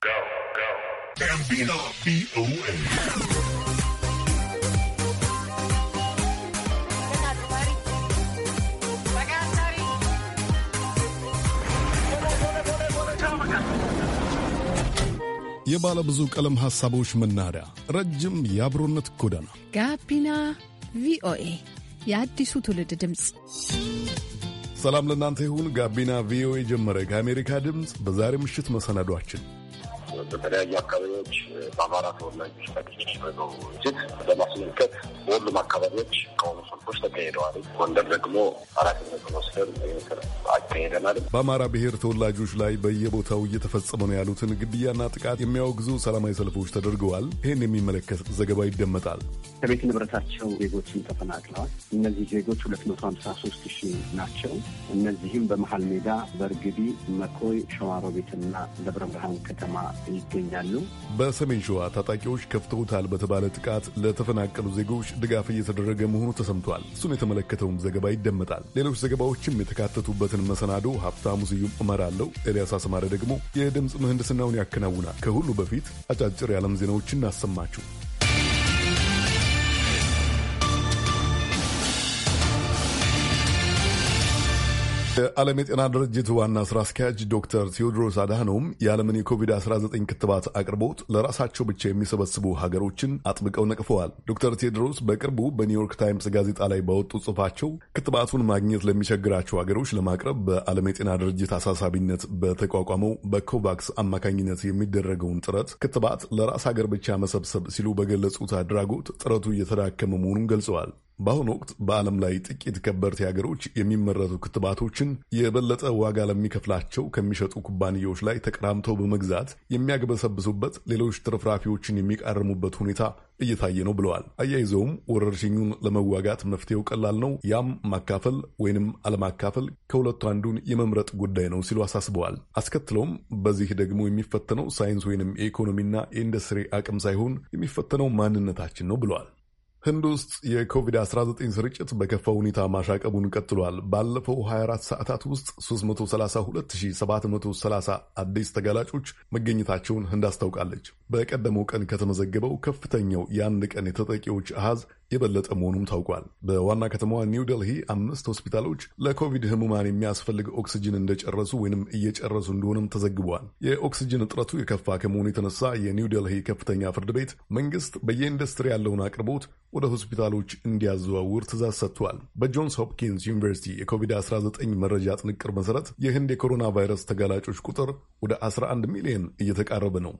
የባለ ብዙ ቀለም ሐሳቦች መናኸሪያ፣ ረጅም የአብሮነት ጎዳና ጋቢና ቪኦኤ የአዲሱ ትውልድ ድምፅ። ሰላም ለእናንተ ይሁን። ጋቢና ቪኦኤ ጀመረ። ከአሜሪካ ድምፅ በዛሬ ምሽት መሰናዷችን በተለያዩ አካባቢዎች በአማራ ተወላጆች በሚኖሩ ሴት በማስመልከት በሁሉም አካባቢዎች ከሆኑ መድረኮች ተካሂደዋል። ጎንደር ደግሞ ኃላፊነቱን ወስደን አካሄደናል። በአማራ ብሔር ተወላጆች ላይ በየቦታው እየተፈጸመ ነው ያሉትን ግድያና ጥቃት የሚያወግዙ ሰላማዊ ሰልፎች ተደርገዋል። ይህን የሚመለከት ዘገባ ይደመጣል። ከቤት ንብረታቸው ዜጎችን ተፈናቅለዋል። እነዚህ ዜጎች ሁለት መቶ ሀምሳ ሶስት ሺ ናቸው። እነዚህም በመሀል ሜዳ፣ በእርግቢ፣ መኮይ፣ ሸዋሮቤትና ደብረ ብርሃን ከተማ ይገኛሉ። በሰሜን ሸዋ ታጣቂዎች ከፍተውታል በተባለ ጥቃት ለተፈናቀሉ ዜጎች ድጋፍ እየተደረገ መሆኑ ተሰምቷል። ተካቷል። እሱን የተመለከተውም ዘገባ ይደመጣል። ሌሎች ዘገባዎችም የተካተቱበትን መሰናዶ ሀብታሙ ስዩም እመራለሁ። ኤልያስ አስማረ ደግሞ የድምፅ ምህንድስናውን ያከናውናል። ከሁሉ በፊት አጫጭር የዓለም ዜናዎችን እናሰማችሁ። የዓለም የጤና ድርጅት ዋና ስራ አስኪያጅ ዶክተር ቴዎድሮስ አድሃኖም የዓለምን የኮቪድ-19 ክትባት አቅርቦት ለራሳቸው ብቻ የሚሰበስቡ ሀገሮችን አጥብቀው ነቅፈዋል። ዶክተር ቴዎድሮስ በቅርቡ በኒውዮርክ ታይምስ ጋዜጣ ላይ ባወጡ ጽሑፋቸው ክትባቱን ማግኘት ለሚቸግራቸው ሀገሮች ለማቅረብ በዓለም የጤና ድርጅት አሳሳቢነት በተቋቋመው በኮቫክስ አማካኝነት የሚደረገውን ጥረት ክትባት ለራስ ሀገር ብቻ መሰብሰብ ሲሉ በገለጹት አድራጎት ጥረቱ እየተዳከመ መሆኑን ገልጸዋል። በአሁኑ ወቅት በዓለም ላይ ጥቂት ከበርቴ ሀገሮች የሚመረቱ ክትባቶችን የበለጠ ዋጋ ለሚከፍላቸው ከሚሸጡ ኩባንያዎች ላይ ተቀራምተው በመግዛት የሚያግበሰብሱበት፣ ሌሎች ትርፍራፊዎችን የሚቃርሙበት ሁኔታ እየታየ ነው ብለዋል። አያይዘውም ወረርሽኙን ለመዋጋት መፍትሄው ቀላል ነው፣ ያም ማካፈል ወይንም አለማካፈል ከሁለቱ አንዱን የመምረጥ ጉዳይ ነው ሲሉ አሳስበዋል። አስከትለውም በዚህ ደግሞ የሚፈተነው ሳይንስ ወይንም የኢኮኖሚና የኢንዱስትሪ አቅም ሳይሆን የሚፈተነው ማንነታችን ነው ብለዋል። ህንድ ውስጥ የኮቪድ-19 ስርጭት በከፋ ሁኔታ ማሻቀቡን ቀጥሏል። ባለፈው 24 ሰዓታት ውስጥ 332730 አዲስ ተጋላጮች መገኘታቸውን ህንድ አስታውቃለች። በቀደመው ቀን ከተመዘገበው ከፍተኛው የአንድ ቀን የተጠቂዎች አሃዝ የበለጠ መሆኑም ታውቋል። በዋና ከተማዋ ኒው ደልሂ አምስት ሆስፒታሎች ለኮቪድ ህሙማን የሚያስፈልግ ኦክስጅን እንደጨረሱ ወይንም እየጨረሱ እንደሆነም ተዘግቧል። የኦክስጅን እጥረቱ የከፋ ከመሆኑ የተነሳ የኒው ደልሂ ከፍተኛ ፍርድ ቤት መንግስት በየኢንዱስትሪ ያለውን አቅርቦት ወደ ሆስፒታሎች እንዲያዘዋውር ትእዛዝ ሰጥቷል። በጆንስ ሆፕኪንስ ዩኒቨርሲቲ የኮቪድ-19 መረጃ ጥንቅር መሠረት የህንድ የኮሮና ቫይረስ ተጋላጮች ቁጥር ወደ 11 ሚሊዮን እየተቃረበ ነው።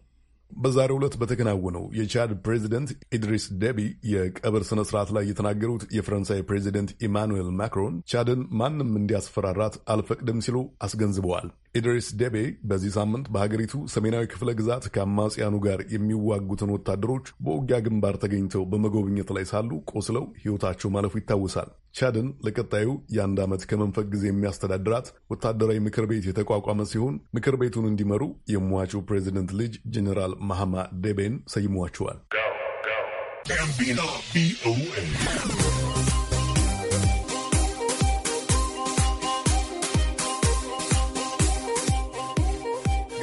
በዛሬው ዕለት በተከናወነው የቻድ ፕሬዚደንት ኢድሪስ ደቢ የቀብር ስነ ስርዓት ላይ የተናገሩት የፈረንሳይ ፕሬዚደንት ኢማኑኤል ማክሮን ቻድን ማንም እንዲያስፈራራት አልፈቅድም ሲሉ አስገንዝበዋል። ኢድሪስ ደቤ በዚህ ሳምንት በሀገሪቱ ሰሜናዊ ክፍለ ግዛት ከአማጽያኑ ጋር የሚዋጉትን ወታደሮች በውጊያ ግንባር ተገኝተው በመጎብኘት ላይ ሳሉ ቆስለው ሕይወታቸው ማለፉ ይታወሳል። ቻድን ለቀጣዩ የአንድ ዓመት ከመንፈቅ ጊዜ የሚያስተዳድራት ወታደራዊ ምክር ቤት የተቋቋመ ሲሆን ምክር ቤቱን እንዲመሩ የሟቹ ፕሬዚደንት ልጅ ጀኔራል ማሃማ ዴቤን ሰይሟቸዋል።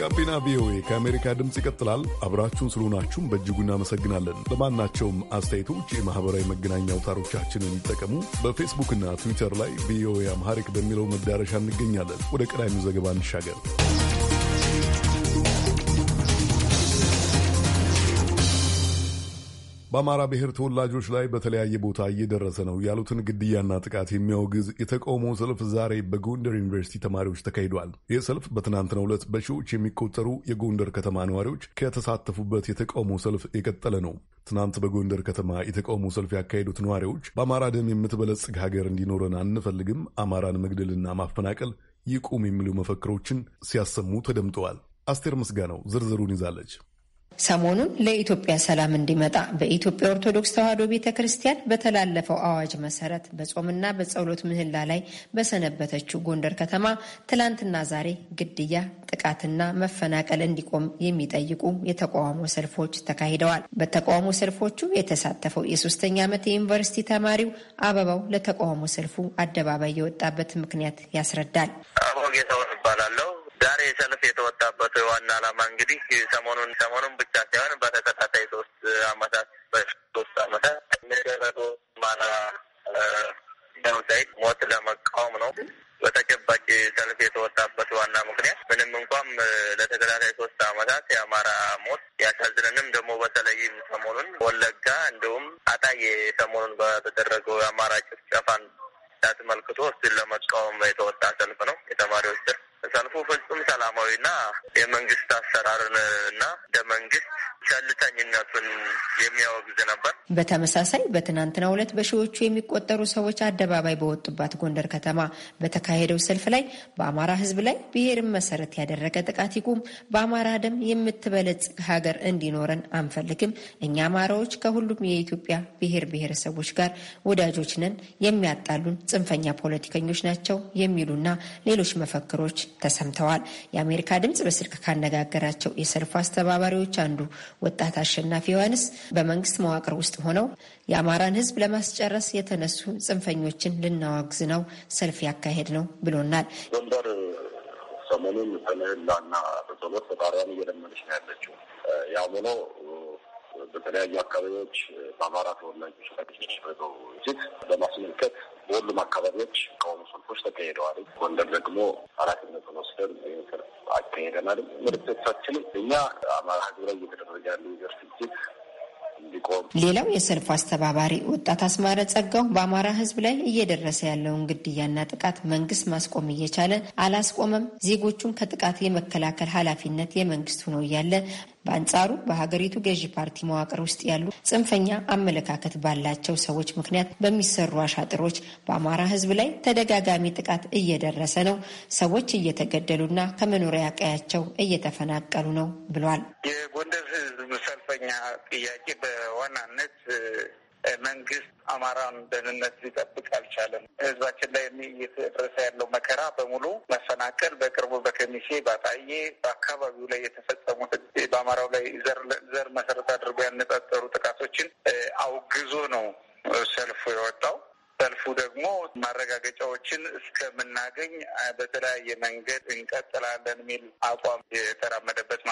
ጋቢና ቪኦኤ ከአሜሪካ ድምፅ ይቀጥላል። አብራችሁን ስለሆናችሁም በእጅጉ እናመሰግናለን። ለማናቸውም አስተያየቶች የማኅበራዊ መገናኛ አውታሮቻችንን ይጠቀሙ። በፌስቡክና ትዊተር ላይ ቪኦኤ አምሃሪክ በሚለው መዳረሻ እንገኛለን። ወደ ቀዳሚው ዘገባ እንሻገር። በአማራ ብሔር ተወላጆች ላይ በተለያየ ቦታ እየደረሰ ነው ያሉትን ግድያና ጥቃት የሚያወግዝ የተቃውሞ ሰልፍ ዛሬ በጎንደር ዩኒቨርሲቲ ተማሪዎች ተካሂዷል። ይህ ሰልፍ በትናንትናው ዕለት በሺዎች የሚቆጠሩ የጎንደር ከተማ ነዋሪዎች ከተሳተፉበት የተቃውሞ ሰልፍ የቀጠለ ነው። ትናንት በጎንደር ከተማ የተቃውሞ ሰልፍ ያካሄዱት ነዋሪዎች በአማራ ደም የምትበለጽግ ሀገር እንዲኖረን አንፈልግም፣ አማራን መግደልና ማፈናቀል ይቁም የሚሉ መፈክሮችን ሲያሰሙ ተደምጠዋል። አስቴር ምስጋናው ዝርዝሩን ይዛለች። ሰሞኑን ለኢትዮጵያ ሰላም እንዲመጣ በኢትዮጵያ ኦርቶዶክስ ተዋሕዶ ቤተ ክርስቲያን በተላለፈው አዋጅ መሰረት በጾምና በጸሎት ምህላ ላይ በሰነበተችው ጎንደር ከተማ ትላንትና ዛሬ ግድያ፣ ጥቃትና መፈናቀል እንዲቆም የሚጠይቁ የተቃውሞ ሰልፎች ተካሂደዋል። በተቃውሞ ሰልፎቹ የተሳተፈው የሶስተኛ ዓመት የዩኒቨርሲቲ ተማሪው አበባው ለተቃውሞ ሰልፉ አደባባይ የወጣበት ምክንያት ያስረዳል። አበባው ጌታውን ይባላለው ሰልፍ የተወጣበት ዋና ዓላማ እንግዲህ ሰሞኑን ሰሞኑን ብቻ ሳይሆን በተከታታይ ሶስት አመታት በሶስት አመታት የሚደረጉ ማና ዳውሳይድ ሞት ለመቃወም ነው። በተጨባጭ ሰልፍ የተወጣበት ዋና ምክንያት ምንም እንኳም ለተከታታይ ሶስት አመታት የአማራ ሞት ያሳዝነንም ደግሞ በተለይም ሰሞኑን ወለጋ እንዲሁም አጣዬ ሰሞኑን በተደረገው የአማራ ጭፍጨፋን አስመልክቶ እሱን ለመቃወም የተወጣ ሰልፍ ነው የተማሪዎች ሰልፍ ሰልፉ ፍጹም ሰላማዊና የመንግስት አሰራርን እና እንደ መንግስት ቸልተኝነቱን የሚያወግዝ ነበር። በተመሳሳይ በትናንትና ሁለት በሺዎቹ የሚቆጠሩ ሰዎች አደባባይ በወጡባት ጎንደር ከተማ በተካሄደው ሰልፍ ላይ በአማራ ህዝብ ላይ ብሔርን መሰረት ያደረገ ጥቃት ይቁም፣ በአማራ ደም የምትበለጽግ ሀገር እንዲኖረን አንፈልግም፣ እኛ አማራዎች ከሁሉም የኢትዮጵያ ብሔር ብሔረሰቦች ጋር ወዳጆች ነን፣ የሚያጣሉን ጽንፈኛ ፖለቲከኞች ናቸው የሚሉና ሌሎች መፈክሮች ተሰምተዋል። የአሜሪካ ድምጽ በስልክ ካነጋገራቸው የሰልፉ አስተባባሪዎች አንዱ ወጣት አሸናፊ ዮሐንስ በመንግስት መዋቅር ውስጥ ሆነው የአማራን ህዝብ ለማስጨረስ የተነሱ ጽንፈኞችን ልናዋግዝ ነው ሰልፍ ያካሄድ ነው ብሎናል። ጎንደር ሰሞኑን በምህላና በጸሎት ፈጣሪያን እየለመነች ነው ያለችው። ያ ሆኖ በተለያዩ አካባቢዎች በአማራ ተወላጆች ላይ የሚደረገው ዝት በማስመልከት በሁሉም አካባቢዎች ከሆኑ ሰልፎች ተካሄደዋል። ጎንደር ደግሞ ኃላፊነቱን ወስደን ሰልፍ አካሄደናል። ምልክቶቻችንም እኛ አማራ ህዝብ ላይ እየተደረገ ያሉ ዘርፍ ሌላው የሰልፉ አስተባባሪ ወጣት አስማረ ጸጋው በአማራ ህዝብ ላይ እየደረሰ ያለውን ግድያና ጥቃት መንግስት ማስቆም እየቻለ አላስቆመም፣ ዜጎቹን ከጥቃት የመከላከል ኃላፊነት የመንግስት ሆኖ እያለ በአንጻሩ በሀገሪቱ ገዢ ፓርቲ መዋቅር ውስጥ ያሉ ጽንፈኛ አመለካከት ባላቸው ሰዎች ምክንያት በሚሰሩ አሻጥሮች በአማራ ሕዝብ ላይ ተደጋጋሚ ጥቃት እየደረሰ ነው። ሰዎች እየተገደሉና ከመኖሪያ ቀያቸው እየተፈናቀሉ ነው ብሏል። የጎንደር ሕዝብ ሰልፈኛ ጥያቄ በዋናነት መንግስት አማራን ደህንነት ሊጠብቅ አልቻለም። ህዝባችን ላይ እየተደረሰ ያለው መከራ በሙሉ መፈናቀል፣ በቅርቡ በከሚሴ ባጣዬ፣ በአካባቢው ላይ የተፈጸሙት በአማራው ላይ ዘር መሰረት አድርጎ ያነጣጠሩ ጥቃቶችን አውግዞ ነው ሰልፉ የወጣው። ሰልፉ ደግሞ ማረጋገጫዎችን እስከምናገኝ በተለያየ መንገድ እንቀጥላለን የሚል አቋም የተራመደበት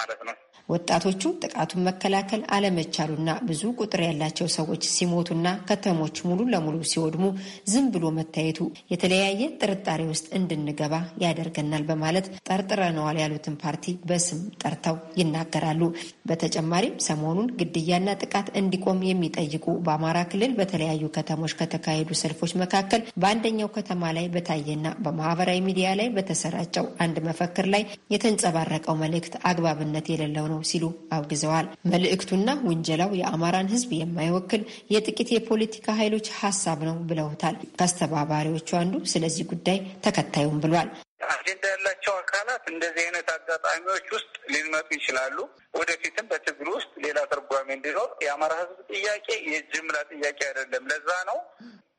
ወጣቶቹ ጥቃቱን መከላከል አለመቻሉና ብዙ ቁጥር ያላቸው ሰዎች ሲሞቱና ከተሞች ሙሉ ለሙሉ ሲወድሙ ዝም ብሎ መታየቱ የተለያየ ጥርጣሬ ውስጥ እንድንገባ ያደርገናል በማለት ጠርጥረነዋል ያሉትን ፓርቲ በስም ጠርተው ይናገራሉ። በተጨማሪም ሰሞኑን ግድያና ጥቃት እንዲቆም የሚጠይቁ በአማራ ክልል በተለያዩ ከተሞች ከተካሄዱ ሰልፎች መካከል በአንደኛው ከተማ ላይ በታየና በማህበራዊ ሚዲያ ላይ በተሰራጨው አንድ መፈክር ላይ የተንጸባረቀው መልእክት አግባብነት የሌለው ነው ሲሉ አውግዘዋል። መልእክቱና ውንጀላው የአማራን ሕዝብ የማይወክል የጥቂት የፖለቲካ ኃይሎች ሀሳብ ነው ብለውታል። ከአስተባባሪዎቹ አንዱ ስለዚህ ጉዳይ ተከታዩም ብሏል። አጀንዳ ያላቸው አካላት እንደዚህ አይነት አጋጣሚዎች ውስጥ ሊመጡ ይችላሉ። ወደፊትም በትግል ውስጥ ሌላ ትርጓሜ እንዲኖር የአማራ ህዝብ ጥያቄ የጅምላ ጥያቄ አይደለም። ለዛ ነው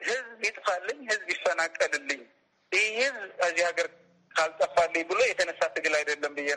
ህዝብ ይጥፋልኝ፣ ሕዝብ ይፈናቀልልኝ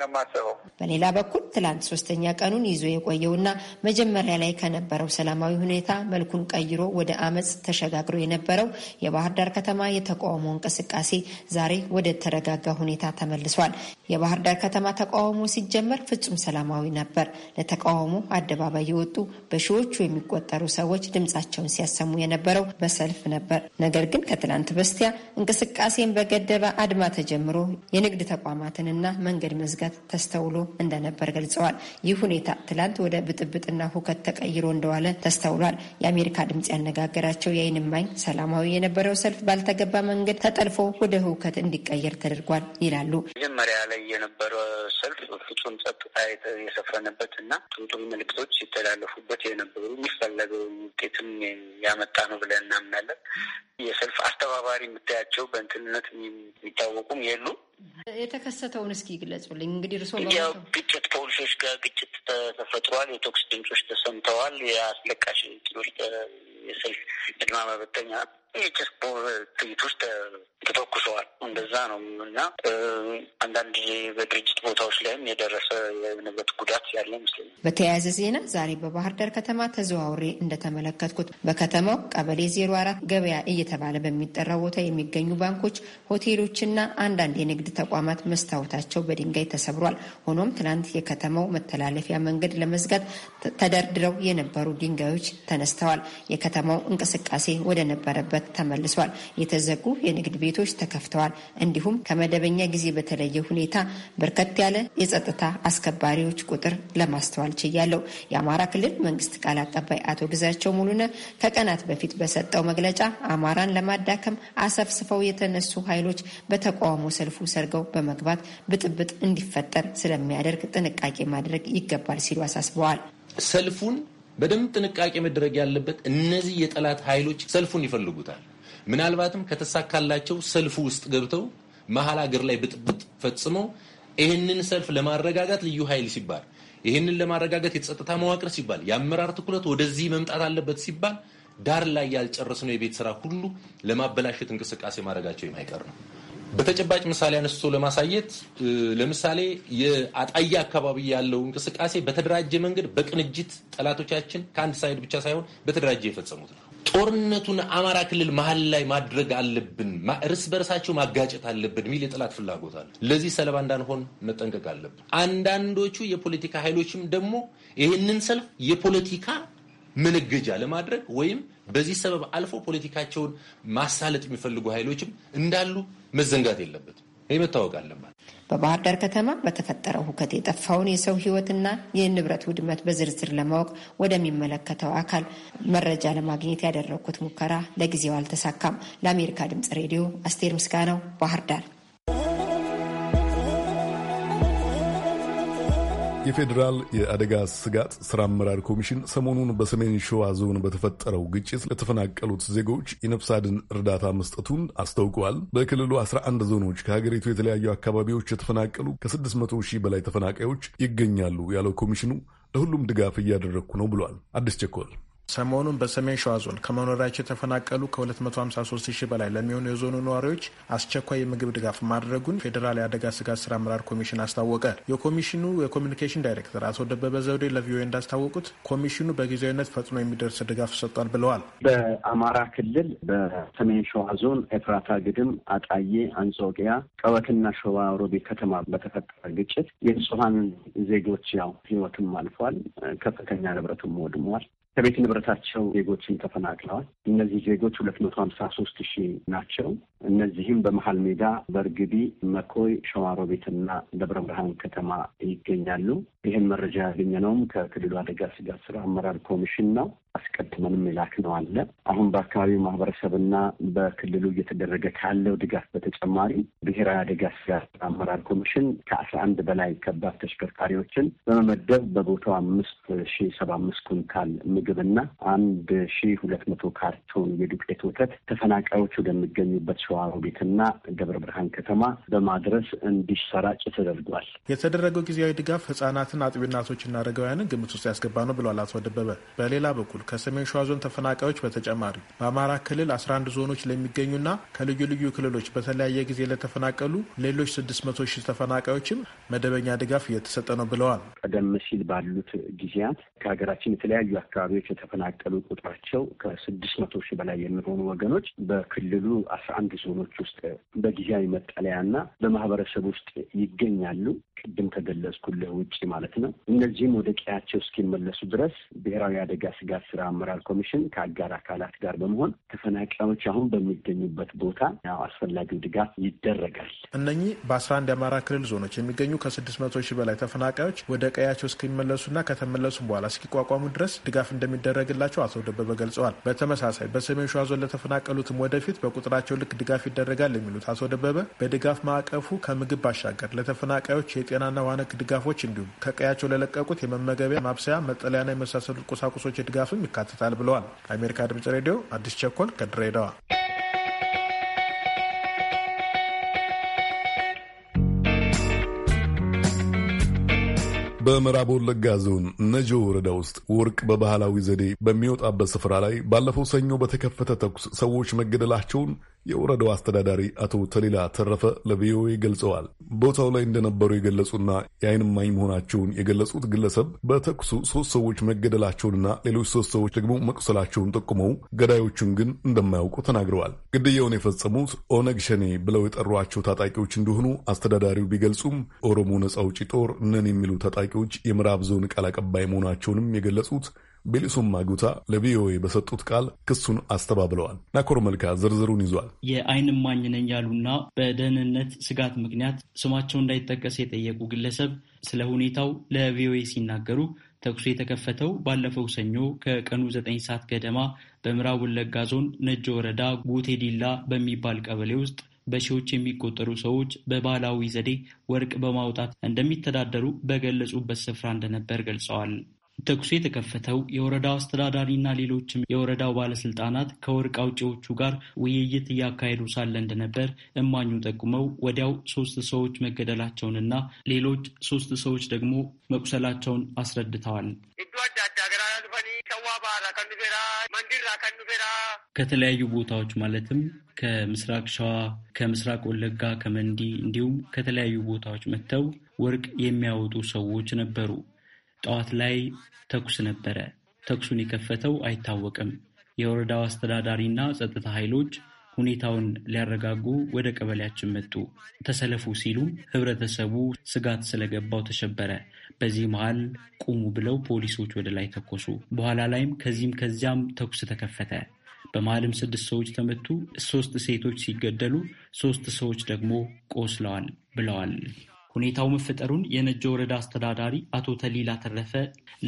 የማስበው። በሌላ በኩል ትላንት ሶስተኛ ቀኑን ይዞ የቆየውና መጀመሪያ ላይ ከነበረው ሰላማዊ ሁኔታ መልኩን ቀይሮ ወደ አመፅ ተሸጋግሮ የነበረው የባህር ዳር ከተማ የተቃውሞ እንቅስቃሴ ዛሬ ወደ ተረጋጋ ሁኔታ ተመልሷል። የባህር ዳር ከተማ ተቃውሞ ሲጀመር ፍጹም ሰላማዊ ነበር። ለተቃውሞ አደባባይ የወጡ በሺዎቹ የሚቆጠሩ ሰዎች ድምፃቸውን ሲያሰሙ የነበረው በሰልፍ ነበር። ነገር ግን ከትላንት በስቲያ እንቅስቃሴን በገደበ አድማ ተጀምሮ የንግድ ተቋማትንና መንገድ መዝጋት ተስተውሎ እንደነበር ገልጸዋል። ይህ ሁኔታ ትላንት ወደ ብጥብጥና ሁከት ተቀይሮ እንደዋለ ተስተውሏል። የአሜሪካ ድምፅ ያነጋገራቸው የአይንማኝ እማኝ ሰላማዊ የነበረው ሰልፍ ባልተገባ መንገድ ተጠልፎ ወደ ሁከት እንዲቀየር ተደርጓል ይላሉ። መጀመሪያ ላይ የነበረ ሰልፍ ፍጹም ጸጥታ የሰፈነበት እና ጥምጡም ምልክቶች ሲተላለፉበት የነበሩ የሚፈለገውን ውጤትም ያመጣ ነው ብለን እናምናለን። የሰልፍ አስተባባሪ የምታያቸው በእንትንነት የሚታወቁም የሉ። የተከሰተውን እስኪ ግለጹልኝ። እንግዲህ እርሶ ያው ግጭት ከፖሊሶች ጋር ግጭት ተፈጥሯል። የቶክስ ድምጾች ተሰምተዋል። የአስለቃሽ ጭሎች የሰልፍ ቅድማ መበተኛ የጭስ ትይት ውስጥ ተተኩሰዋል። እንደዛ ነው እና አንዳንድ በድርጅት ቦታዎች ላይም የደረሰ የንብረት ጉዳት ያለ ይመስለኛል። በተያያዘ ዜና ዛሬ በባህር ዳር ከተማ ተዘዋውሬ እንደተመለከትኩት በከተማው ቀበሌ ዜሮ አራት ገበያ እየተባለ በሚጠራው ቦታ የሚገኙ ባንኮች፣ ሆቴሎችና አንዳንድ የንግድ ተቋማት መስታወታቸው በድንጋይ ተሰብሯል። ሆኖም ትናንት የከተማው መተላለፊያ መንገድ ለመዝጋት ተደርድረው የነበሩ ድንጋዮች ተነስተዋል። የከተማው እንቅስቃሴ ወደ ነበረበት ተመልሷል። የተዘጉ የንግድ ቤቶች ተከፍተዋል። እንዲሁም ከመደበኛ ጊዜ በተለየ ሁኔታ በርከት ያለ የጸጥታ አስከባሪዎች ቁጥር ለማስተዋል ችያለው። የአማራ ክልል መንግስት ቃል አቀባይ አቶ ግዛቸው ሙሉነ ከቀናት በፊት በሰጠው መግለጫ አማራን ለማዳከም አሰፍስፈው የተነሱ ኃይሎች በተቃውሞ ሰልፉ ሰርገው በመግባት ብጥብጥ እንዲፈጠር ስለሚያደርግ ጥንቃቄ ማድረግ ይገባል ሲሉ አሳስበዋል። ሰልፉን በደንብ ጥንቃቄ መደረግ ያለበት እነዚህ የጠላት ኃይሎች ሰልፉን ይፈልጉታል። ምናልባትም ከተሳካላቸው ሰልፉ ውስጥ ገብተው መሀል ሀገር ላይ ብጥብጥ ፈጽመው ይህንን ሰልፍ ለማረጋጋት ልዩ ኃይል ሲባል ይህንን ለማረጋጋት የጸጥታ መዋቅር ሲባል የአመራር ትኩረት ወደዚህ መምጣት አለበት ሲባል ዳር ላይ ያልጨረስነው የቤት ስራ ሁሉ ለማበላሸት እንቅስቃሴ ማድረጋቸው የማይቀር ነው። በተጨባጭ ምሳሌ አነስቶ ለማሳየት ለምሳሌ የአጣያ አካባቢ ያለው እንቅስቃሴ በተደራጀ መንገድ በቅንጅት ጠላቶቻችን ከአንድ ሳይድ ብቻ ሳይሆን በተደራጀ የፈጸሙት ነው። ጦርነቱን አማራ ክልል መሀል ላይ ማድረግ አለብን፣ እርስ በርሳቸው ማጋጨት አለብን የሚል የጠላት ፍላጎት አለ። ለዚህ ሰለባ እንዳንሆን መጠንቀቅ አለብን። አንዳንዶቹ የፖለቲካ ኃይሎችም ደግሞ ይህንን ሰልፍ የፖለቲካ መነገጃ ለማድረግ ወይም በዚህ ሰበብ አልፎ ፖለቲካቸውን ማሳለጥ የሚፈልጉ ኃይሎችም እንዳሉ መዘንጋት የለበትም። ይህ መታወቅ አለባት። በባህር ዳር ከተማ በተፈጠረው ሁከት የጠፋውን የሰው ሕይወትና የንብረት ውድመት በዝርዝር ለማወቅ ወደሚመለከተው አካል መረጃ ለማግኘት ያደረግኩት ሙከራ ለጊዜው አልተሳካም። ለአሜሪካ ድምጽ ሬዲዮ አስቴር ምስጋናው ባህር ዳር የፌዴራል የአደጋ ስጋት ስራ አመራር ኮሚሽን ሰሞኑን በሰሜን ሸዋ ዞን በተፈጠረው ግጭት ለተፈናቀሉት ዜጎች የነፍስ አድን እርዳታ መስጠቱን አስታውቀዋል። በክልሉ 11 ዞኖች ከሀገሪቱ የተለያዩ አካባቢዎች የተፈናቀሉ ከ600 ሺህ በላይ ተፈናቃዮች ይገኛሉ ያለው ኮሚሽኑ ለሁሉም ድጋፍ እያደረግኩ ነው ብሏል። አዲስ ቸኮል ሰሞኑን በሰሜን ሸዋ ዞን ከመኖሪያቸው የተፈናቀሉ ከ253 ሺህ በላይ ለሚሆኑ የዞኑ ነዋሪዎች አስቸኳይ የምግብ ድጋፍ ማድረጉን ፌዴራል የአደጋ ስጋት ስራ አመራር ኮሚሽን አስታወቀ። የኮሚሽኑ የኮሚኒኬሽን ዳይሬክተር አቶ ደበበ ዘውዴ ለቪኦኤ እንዳስታወቁት ኮሚሽኑ በጊዜያዊነት ፈጥኖ የሚደርስ ድጋፍ ሰጥቷል ብለዋል። በአማራ ክልል በሰሜን ሸዋ ዞን ኤፍራታ ግድም፣ አጣዬ፣ አንጾቅያ፣ ቀበትና ሸዋ ሮቤ ከተማ በተፈጠረ ግጭት የንጹሀን ዜጎች ያው ህይወትም አልፏል። ከፍተኛ ንብረቱም ወድሟል። ከቤት ንብረታቸው ዜጎችን ተፈናቅለዋል። እነዚህ ዜጎች ሁለት መቶ ሀምሳ ሶስት ሺህ ናቸው። እነዚህም በመሀል ሜዳ፣ በእርግቢ፣ መኮይ፣ ሸማሮ ቤትና ደብረ ብርሃን ከተማ ይገኛሉ። ይህን መረጃ ያገኘነውም ከክልሉ አደጋ ስጋት ስራ አመራር ኮሚሽን ነው። አስቀድመንም ነው አለ። አሁን በአካባቢው ማህበረሰብና በክልሉ እየተደረገ ካለው ድጋፍ በተጨማሪ ብሔራዊ አደጋ ስጋት አመራር ኮሚሽን ከአስራ አንድ በላይ ከባድ ተሽከርካሪዎችን በመመደብ በቦታው አምስት ሺ ሰባ አምስት ኩንታል ምግብና አንድ ሺ ሁለት መቶ ካርቶን የዱቄት ወተት ተፈናቃዮች ወደሚገኙበት ሸዋሮ ሸዋሮቢትና ደብረ ብርሃን ከተማ በማድረስ እንዲሰራጭ ተደርጓል። የተደረገው ጊዜያዊ ድጋፍ ህጻናትን፣ አጥቢ እናቶችና አረጋውያንን ግምት ውስጥ ያስገባ ነው ብለዋል አቶ ደበበ። በሌላ በኩል ከሰሜን ሸዋ ዞን ተፈናቃዮች በተጨማሪ በአማራ ክልል 11 ዞኖች ለሚገኙና ከልዩ ልዩ ክልሎች በተለያየ ጊዜ ለተፈናቀሉ ሌሎች 600 ሺህ ተፈናቃዮችም መደበኛ ድጋፍ እየተሰጠ ነው ብለዋል። ቀደም ሲል ባሉት ጊዜያት ከሀገራችን የተለያዩ አካባቢዎች የተፈናቀሉ ቁጥራቸው ከ600 ሺህ በላይ የሚሆኑ ወገኖች በክልሉ 11 ዞኖች ውስጥ በጊዜያዊ መጠለያና በማህበረሰብ ውስጥ ይገኛሉ። ቅድም ከገለጽኩልህ ውጭ ማለት ነው። እነዚህም ወደ ቀያቸው እስኪመለሱ ድረስ ብሔራዊ አደጋ ስጋት ስራ አመራር ኮሚሽን ከአጋር አካላት ጋር በመሆን ተፈናቃዮች አሁን በሚገኙበት ቦታ ያው አስፈላጊው ድጋፍ ይደረጋል። እነኚህ በአስራ አንድ የአማራ ክልል ዞኖች የሚገኙ ከስድስት መቶ ሺህ በላይ ተፈናቃዮች ወደ ቀያቸው እስኪመለሱና ከተመለሱም በኋላ እስኪቋቋሙ ድረስ ድጋፍ እንደሚደረግላቸው አቶ ደበበ ገልጸዋል። በተመሳሳይ በሰሜን ሸዋ ዞን ለተፈናቀሉትም ወደፊት በቁጥራቸው ልክ ድጋፍ ይደረጋል የሚሉት አቶ ደበበ በድጋፍ ማዕቀፉ ከምግብ ባሻገር ለተፈናቃዮች የጤናና ውሃ ነክ ድጋፎች እንዲሁም ከቀያቸው ለለቀቁት የመመገቢያ፣ ማብሰያ፣ መጠለያና የመሳሰሉት ቁሳቁሶች ድጋፍም ይካትታል ብለዋል። ለአሜሪካ ድምጽ ሬዲዮ አዲስ ቸኮል ከድሬዳዋ። በምዕራብ ወለጋ ዞን ነጆ ወረዳ ውስጥ ወርቅ በባህላዊ ዘዴ በሚወጣበት ስፍራ ላይ ባለፈው ሰኞ በተከፈተ ተኩስ ሰዎች መገደላቸውን የወረዳው አስተዳዳሪ አቶ ተሌላ ተረፈ ለቪኦኤ ገልጸዋል። ቦታው ላይ እንደነበሩ የገለጹና የአይን እማኝ መሆናቸውን የገለጹት ግለሰብ በተኩሱ ሶስት ሰዎች መገደላቸውንና ሌሎች ሶስት ሰዎች ደግሞ መቁሰላቸውን ጠቁመው ገዳዮቹን ግን እንደማያውቁ ተናግረዋል። ግድያውን የፈጸሙት ኦነግ ሸኔ ብለው የጠሯቸው ታጣቂዎች እንደሆኑ አስተዳዳሪው ቢገልጹም ኦሮሞ ነጻ አውጪ ጦር ነን የሚሉ ታጣቂዎች የምዕራብ ዞን ቃል አቀባይ መሆናቸውንም የገለጹት ቤሊሱም ማጉታ ለቪኦኤ በሰጡት ቃል ክሱን አስተባብለዋል። ናኮር መልካ ዝርዝሩን ይዟል። የአይን እማኝ ነኝ ያሉና በደህንነት ስጋት ምክንያት ስማቸው እንዳይጠቀስ የጠየቁ ግለሰብ ስለ ሁኔታው ለቪኦኤ ሲናገሩ ተኩሱ የተከፈተው ባለፈው ሰኞ ከቀኑ ዘጠኝ ሰዓት ገደማ በምዕራብ ወለጋ ዞን ነጆ ወረዳ ጉቴዲላ በሚባል ቀበሌ ውስጥ በሺዎች የሚቆጠሩ ሰዎች በባህላዊ ዘዴ ወርቅ በማውጣት እንደሚተዳደሩ በገለጹበት ስፍራ እንደነበር ገልጸዋል። ተኩሱ የተከፈተው የወረዳው እና ሌሎችም የወረዳው ባለስልጣናት ከወርቅ አውጪዎቹ ጋር ውይይት እያካሄዱ ሳለ እንደነበር እማኙ ጠቁመው ወዲያው ሶስት ሰዎች መገደላቸውንና ሌሎች ሶስት ሰዎች ደግሞ መቁሰላቸውን አስረድተዋል። ከተለያዩ ቦታዎች ማለትም ከምስራቅ ሸዋ፣ ከምስራቅ ወለጋ፣ ከመንዲ እንዲሁም ከተለያዩ ቦታዎች መጥተው ወርቅ የሚያወጡ ሰዎች ነበሩ። ጠዋት ላይ ተኩስ ነበረ። ተኩሱን የከፈተው አይታወቅም። የወረዳው አስተዳዳሪና ጸጥታ ኃይሎች ሁኔታውን ሊያረጋጉ ወደ ቀበሌያችን መጡ። ተሰለፉ ሲሉ ህብረተሰቡ ስጋት ስለገባው ተሸበረ። በዚህ መሃል ቁሙ ብለው ፖሊሶች ወደ ላይ ተኮሱ። በኋላ ላይም ከዚህም ከዚያም ተኩስ ተከፈተ። በመሃልም ስድስት ሰዎች ተመቱ። ሶስት ሴቶች ሲገደሉ፣ ሶስት ሰዎች ደግሞ ቆስለዋል ብለዋል። ሁኔታው መፈጠሩን የነጆ ወረዳ አስተዳዳሪ አቶ ተሊላ ተረፈ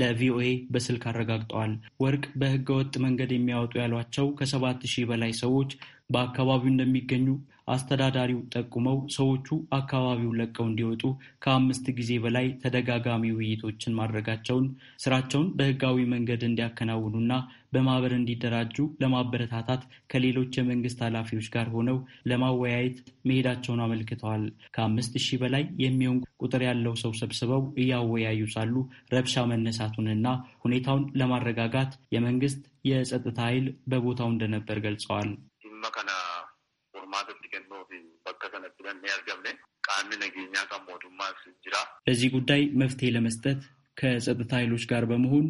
ለቪኦኤ በስልክ አረጋግጠዋል። ወርቅ በህገወጥ መንገድ የሚያወጡ ያሏቸው ከሰባት ሺህ በላይ ሰዎች በአካባቢው እንደሚገኙ አስተዳዳሪው ጠቁመው ሰዎቹ አካባቢውን ለቀው እንዲወጡ ከአምስት ጊዜ በላይ ተደጋጋሚ ውይይቶችን ማድረጋቸውን ስራቸውን በህጋዊ መንገድ እንዲያከናውኑና በማህበር እንዲደራጁ ለማበረታታት ከሌሎች የመንግስት ኃላፊዎች ጋር ሆነው ለማወያየት መሄዳቸውን አመልክተዋል። ከአምስት ሺህ በላይ የሚሆን ቁጥር ያለው ሰው ሰብስበው እያወያዩ ሳሉ ረብሻ መነሳቱንና ሁኔታውን ለማረጋጋት የመንግስት የጸጥታ ኃይል በቦታው እንደነበር ገልጸዋል። ለዚህ ጉዳይ መፍትሄ ለመስጠት ከጸጥታ ኃይሎች ጋር በመሆን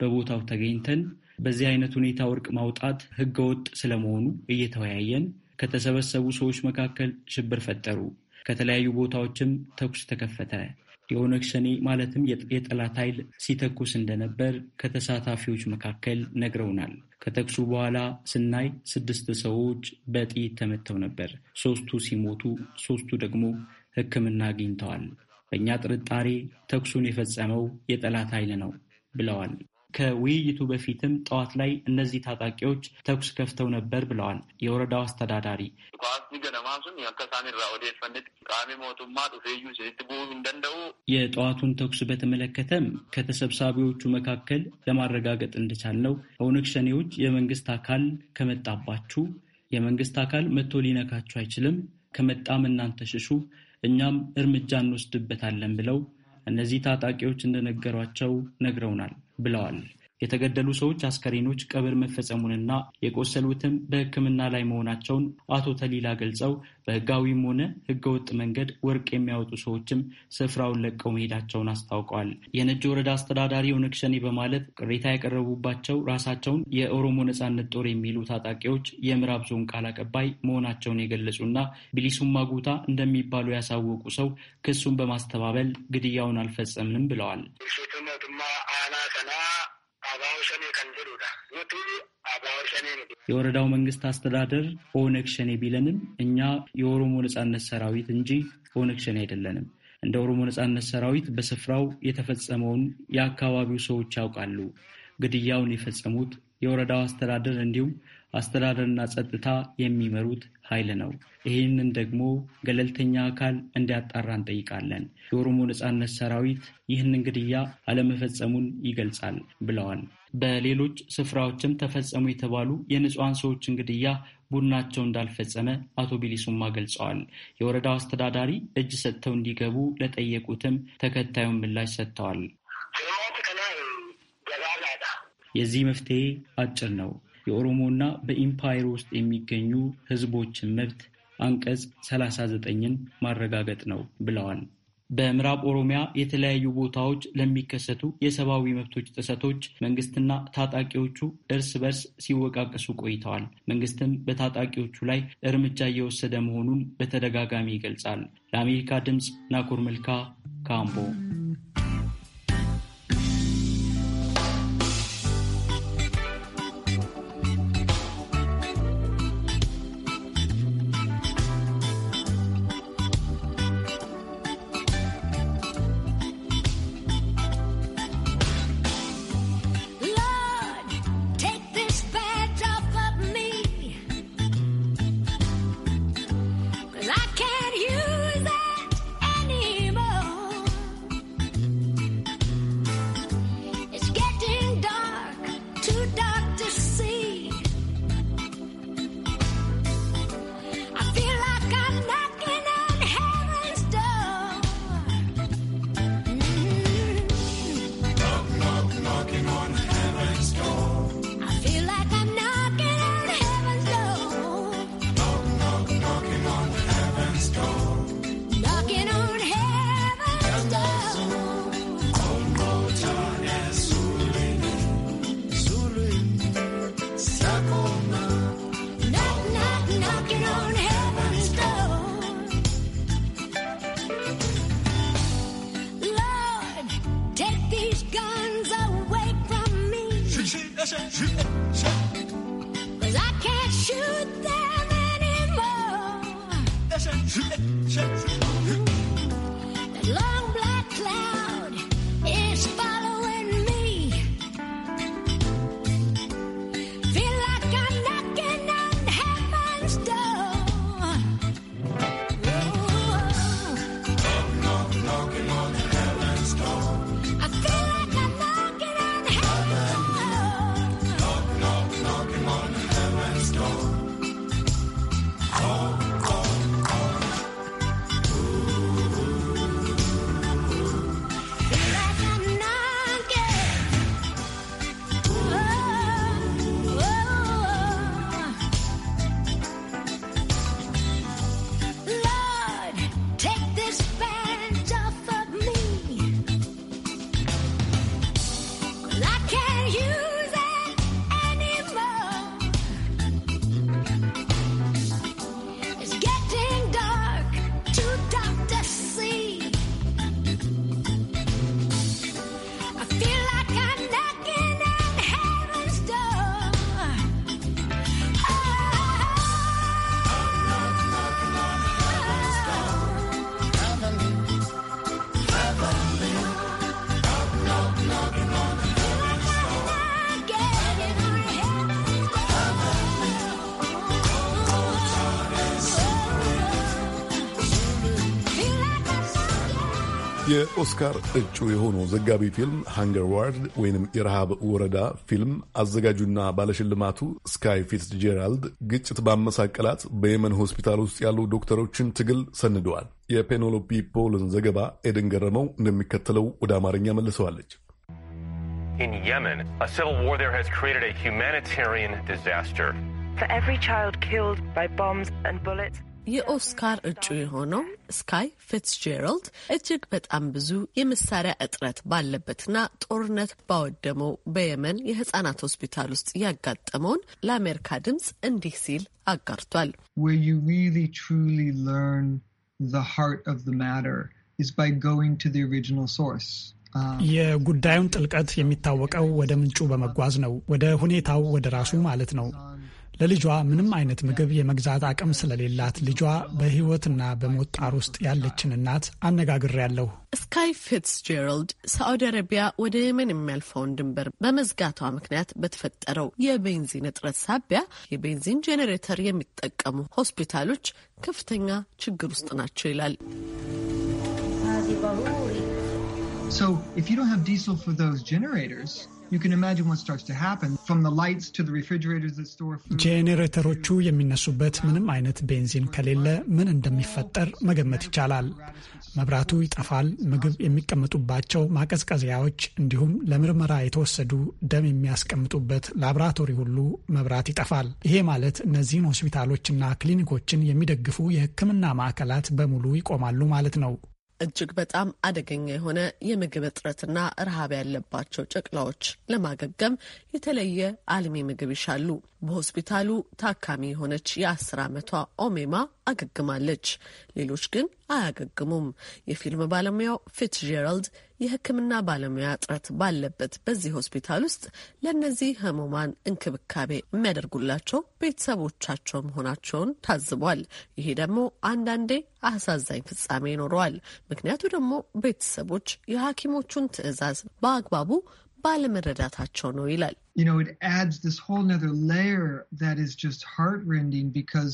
በቦታው ተገኝተን በዚህ አይነት ሁኔታ ወርቅ ማውጣት ህገወጥ ስለመሆኑ እየተወያየን ከተሰበሰቡ ሰዎች መካከል ሽብር ፈጠሩ። ከተለያዩ ቦታዎችም ተኩስ ተከፈተ። የኦነግ ሸኔ ማለትም የጠላት ኃይል ሲተኩስ እንደነበር ከተሳታፊዎች መካከል ነግረውናል። ከተኩሱ በኋላ ስናይ ስድስት ሰዎች በጥይት ተመተው ነበር። ሶስቱ ሲሞቱ፣ ሶስቱ ደግሞ ሕክምና አግኝተዋል። በእኛ ጥርጣሬ ተኩሱን የፈጸመው የጠላት ኃይል ነው ብለዋል። ከውይይቱ በፊትም ጠዋት ላይ እነዚህ ታጣቂዎች ተኩስ ከፍተው ነበር ብለዋል የወረዳው አስተዳዳሪ። Qaamaan sun akka isaan irraa odeeffannetti qaamii mootummaa dhufeeyyuu isinitti bu'uu hin danda'u. የጠዋቱን ተኩስ በተመለከተም ከተሰብሳቢዎቹ መካከል ለማረጋገጥ እንደቻል ነው ኦነግ ሸኔዎች የመንግስት አካል ከመጣባችሁ የመንግስት አካል መጥቶ ሊነካችሁ አይችልም፣ ከመጣም እናንተ ሽሹ፣ እኛም እርምጃ እንወስድበታለን ብለው እነዚህ ታጣቂዎች እንደነገሯቸው ነግረውናል ብለዋል። የተገደሉ ሰዎች አስከሬኖች ቀብር መፈጸሙንና የቆሰሉትም በሕክምና ላይ መሆናቸውን አቶ ተሊላ ገልጸው በህጋዊም ሆነ ህገወጥ መንገድ ወርቅ የሚያወጡ ሰዎችም ስፍራውን ለቀው መሄዳቸውን አስታውቀዋል። የነጅ ወረዳ አስተዳዳሪ ኦነግ ሸኔ በማለት ቅሬታ ያቀረቡባቸው ራሳቸውን የኦሮሞ ነጻነት ጦር የሚሉ ታጣቂዎች የምዕራብ ዞን ቃል አቀባይ መሆናቸውን የገለጹና ቢሊሱማ ጉታ እንደሚባሉ ያሳወቁ ሰው ክሱን በማስተባበል ግድያውን አልፈጸምንም ብለዋል። የወረዳው መንግስት አስተዳደር ኦነግ ሸኔ ቢለንም እኛ የኦሮሞ ነጻነት ሰራዊት እንጂ ኦነግ ሸኔ አይደለንም። እንደ ኦሮሞ ነጻነት ሰራዊት በስፍራው የተፈጸመውን የአካባቢው ሰዎች ያውቃሉ። ግድያውን የፈጸሙት የወረዳው አስተዳደር እንዲሁም አስተዳደርና ጸጥታ የሚመሩት ኃይል ነው። ይህንን ደግሞ ገለልተኛ አካል እንዲያጣራ እንጠይቃለን። የኦሮሞ ነጻነት ሰራዊት ይህንን ግድያ አለመፈጸሙን ይገልጻል ብለዋል። በሌሎች ስፍራዎችም ተፈጸሙ የተባሉ የንጹሐን ሰዎችን ግድያ ቡድናቸው እንዳልፈጸመ አቶ ቢሊሱማ ገልጸዋል። የወረዳው አስተዳዳሪ እጅ ሰጥተው እንዲገቡ ለጠየቁትም ተከታዩን ምላሽ ሰጥተዋል። የዚህ መፍትሄ አጭር ነው። የኦሮሞና በኢምፓየር ውስጥ የሚገኙ ህዝቦችን መብት አንቀጽ 39ን ማረጋገጥ ነው ብለዋል። በምዕራብ ኦሮሚያ የተለያዩ ቦታዎች ለሚከሰቱ የሰብአዊ መብቶች ጥሰቶች መንግስትና ታጣቂዎቹ እርስ በርስ ሲወቃቀሱ ቆይተዋል። መንግስትም በታጣቂዎቹ ላይ እርምጃ እየወሰደ መሆኑን በተደጋጋሚ ይገልጻል። ለአሜሪካ ድምፅ ናኮር መልካ ካምቦ ኦስካር እጩ የሆነው ዘጋቢ ፊልም ሃንገር ዋርድ ወይንም የረሃብ ወረዳ ፊልም አዘጋጁና ባለሽልማቱ ስካይ ጄራልድ ግጭት ባመሳቀላት በየመን ሆስፒታል ውስጥ ያሉ ዶክተሮችን ትግል ሰንደዋል። የፔኔሎፒ ፖልን ዘገባ ኤደን ገረመው እንደሚከተለው ወደ አማርኛ መልሰዋለች። In Yemen, a civil war there has created a humanitarian disaster. For every child killed by bombs and bullets, የኦስካር እጩ የሆነው ስካይ ፊትስጄራልድ እጅግ በጣም ብዙ የመሳሪያ እጥረት ባለበትና ጦርነት ባወደመው በየመን የህጻናት ሆስፒታል ውስጥ ያጋጠመውን ለአሜሪካ ድምፅ እንዲህ ሲል አጋርቷል። uh, የጉዳዩን ጥልቀት የሚታወቀው ወደ ምንጩ በመጓዝ ነው፣ ወደ ሁኔታው፣ ወደ ራሱ ማለት ነው። ለልጇ ምንም አይነት ምግብ የመግዛት አቅም ስለሌላት ልጇ በህይወትና በሞት ጣር ውስጥ ያለችን እናት አነጋግሬያለሁ። ስካይ ፊትስጄራልድ ሳዑዲ አረቢያ ወደ የመን የሚያልፈውን ድንበር በመዝጋቷ ምክንያት በተፈጠረው የቤንዚን እጥረት ሳቢያ የቤንዚን ጄኔሬተር የሚጠቀሙ ሆስፒታሎች ከፍተኛ ችግር ውስጥ ናቸው ይላል። So if you don't have diesel for those generators, ጄኔሬተሮቹ የሚነሱበት ምንም አይነት ቤንዚን ከሌለ ምን እንደሚፈጠር መገመት ይቻላል። መብራቱ ይጠፋል። ምግብ የሚቀመጡባቸው ማቀዝቀዚያዎች፣ እንዲሁም ለምርመራ የተወሰዱ ደም የሚያስቀምጡበት ላብራቶሪ ሁሉ መብራት ይጠፋል። ይሄ ማለት እነዚህን ሆስፒታሎችና ክሊኒኮችን የሚደግፉ የሕክምና ማዕከላት በሙሉ ይቆማሉ ማለት ነው። እጅግ በጣም አደገኛ የሆነ የምግብ እጥረትና ረሃብ ያለባቸው ጨቅላዎች ለማገገም የተለየ አልሚ ምግብ ይሻሉ። በሆስፒታሉ ታካሚ የሆነች የአስር ዓመቷ ኦሜማ አገግማለች። ሌሎች ግን አያገግሙም። የፊልም ባለሙያው ጄራልድ። የሕክምና ባለሙያ እጥረት ባለበት በዚህ ሆስፒታል ውስጥ ለእነዚህ ህሙማን እንክብካቤ የሚያደርጉላቸው ቤተሰቦቻቸው መሆናቸውን ታዝቧል። ይሄ ደግሞ አንዳንዴ አሳዛኝ ፍጻሜ ይኖረዋል። ምክንያቱ ደግሞ ቤተሰቦች የሐኪሞቹን ትዕዛዝ በአግባቡ ባለመረዳታቸው ነው ይላል። You know, it adds this whole nother layer that is just because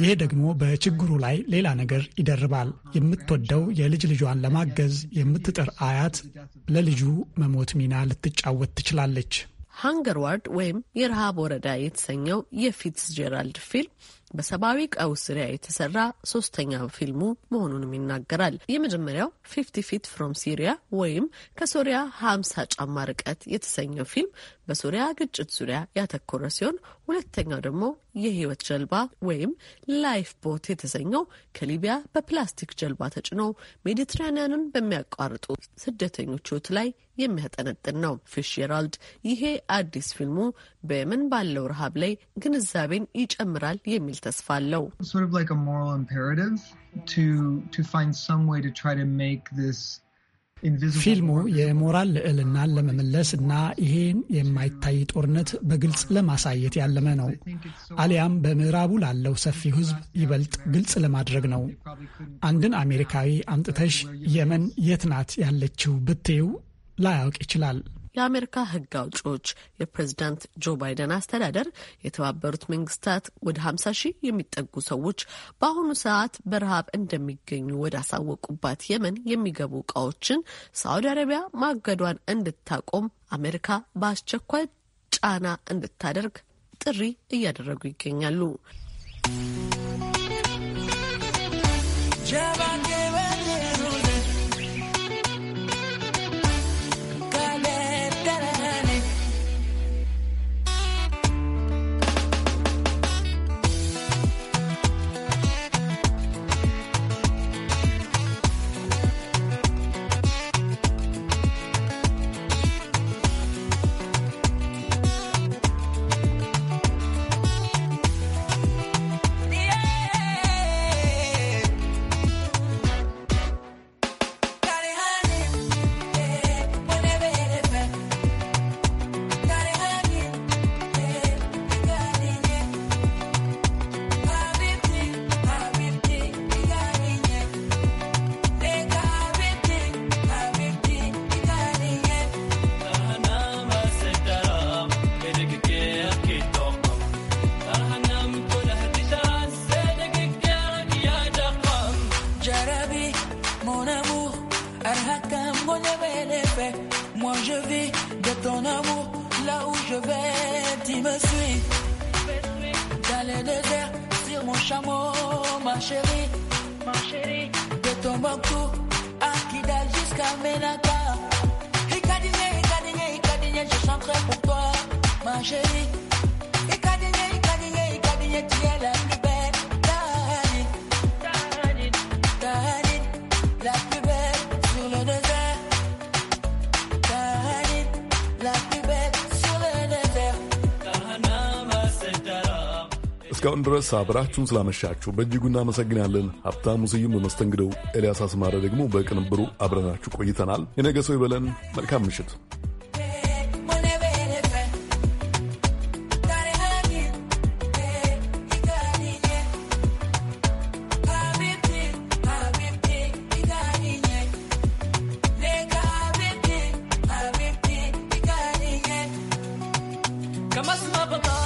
ይሄ ደግሞ በችግሩ ላይ ሌላ ነገር ይደርባል። የምትወደው የልጅ ልጇን ለማገዝ የምትጥር አያት ለልጁ መሞት ሚና ልትጫወት ትችላለች። ሃንገርዋርድ ዋርድ ወይም የረሃብ ወረዳ የተሰኘው ጄራልድ ፊልም በሰብአዊ ቀውስ ዙሪያ የተሰራ ሶስተኛ ፊልሙ መሆኑንም ይናገራል። የመጀመሪያው ፊፍቲ ፊት ፍሮም ሲሪያ ወይም ከሶሪያ ሀምሳ ጫማ ርቀት የተሰኘው ፊልም በሶሪያ ግጭት ዙሪያ ያተኮረ ሲሆን ሁለተኛው ደግሞ የህይወት ጀልባ ወይም ላይፍ ቦት የተሰኘው ከሊቢያ በፕላስቲክ ጀልባ ተጭኖ ሜዲትራኒያንን በሚያቋርጡ ስደተኞች ህይወት ላይ የሚያጠነጥን ነው። ፊሽየራልድ ይሄ አዲስ ፊልሙ በየመን ባለው ረሃብ ላይ ግንዛቤን ይጨምራል የሚል ተስፋ አለው። ፊልሙ የሞራል ልዕልናን ለመመለስ እና ይሄን የማይታይ ጦርነት በግልጽ ለማሳየት ያለመ ነው። አሊያም በምዕራቡ ላለው ሰፊው ሕዝብ ይበልጥ ግልጽ ለማድረግ ነው። አንድን አሜሪካዊ አምጥተሽ የመን የት ናት ያለችው ብትዩ ላያውቅ ይችላል። የአሜሪካ ሕግ አውጪዎች የፕሬዝዳንት ጆ ባይደን አስተዳደር የተባበሩት መንግስታት ወደ 50 ሺህ የሚጠጉ ሰዎች በአሁኑ ሰዓት በረሃብ እንደሚገኙ ወዳሳወቁባት የመን የሚገቡ እቃዎችን ሳዑዲ አረቢያ ማገዷን እንድታቆም አሜሪካ በአስቸኳይ ጫና እንድታደርግ ጥሪ እያደረጉ ይገኛሉ። ma chérie, ma chérie, de ton beaucoup, à Kidal jusqu'à Menaka. Ricardinier, Ricardinier, Ricardinier, je chanterai pour toi, ma chérie. እስካሁን ድረስ አብራችሁን ስላመሻችሁ በእጅጉ እናመሰግናለን። ሀብታሙ ስዩም በመስተንግደው፣ ኤልያስ አስማረ ደግሞ በቅንብሩ አብረናችሁ ቆይተናል። የነገ ሰው ይበለን። መልካም ምሽት። Come on,